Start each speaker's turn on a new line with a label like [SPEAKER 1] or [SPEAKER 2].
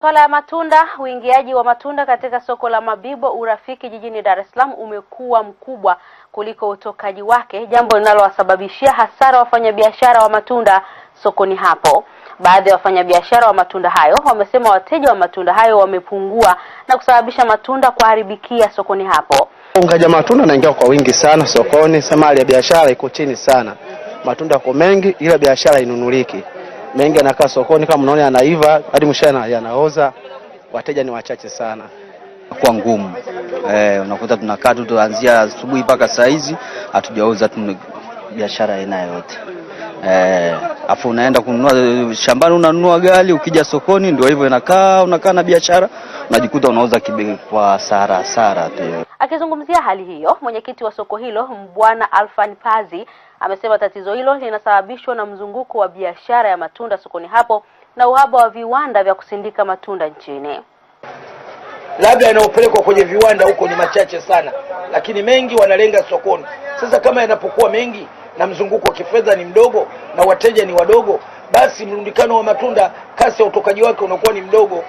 [SPEAKER 1] Swala ya matunda. Uingiaji wa matunda katika soko la Mabibo Urafiki jijini Dar es Salaam umekuwa mkubwa kuliko utokaji wake, jambo linalowasababishia hasara wafanyabiashara wa matunda sokoni hapo. Baadhi ya wafanyabiashara wa matunda hayo wamesema wateja wa matunda hayo wamepungua na kusababisha matunda kuharibikia sokoni hapo.
[SPEAKER 2] Ungaja matunda naingia kwa wingi sana sokoni, sema hali ya biashara iko chini sana, matunda yako mengi, ila biashara inunuliki mengi yanakaa sokoni kama mnaona, yanaiva hadi mshana yanaoza, wateja ni wachache sana
[SPEAKER 3] kwa ngumu eh, unakuta tunakaa tu tuanzia asubuhi mpaka saa hizi hatujauza biashara aina yoyote eh, afu unaenda kununua shambani, unanunua gari, ukija sokoni ndio hivyo inakaa, unakaa na biashara unajikuta unauza kibe kwa sara sara tu.
[SPEAKER 1] Akizungumzia hali hiyo, mwenyekiti wa soko hilo Mbwana Alfan Pazi amesema tatizo hilo linasababishwa na mzunguko wa biashara ya matunda sokoni hapo na uhaba wa viwanda vya kusindika matunda nchini.
[SPEAKER 4] Labda yanayopelekwa kwenye viwanda huko ni machache sana, lakini mengi wanalenga sokoni. Sasa kama yanapokuwa mengi na mzunguko wa kifedha ni mdogo na wateja ni wadogo, basi mrundikano wa matunda, kasi ya utokaji wake unakuwa ni mdogo.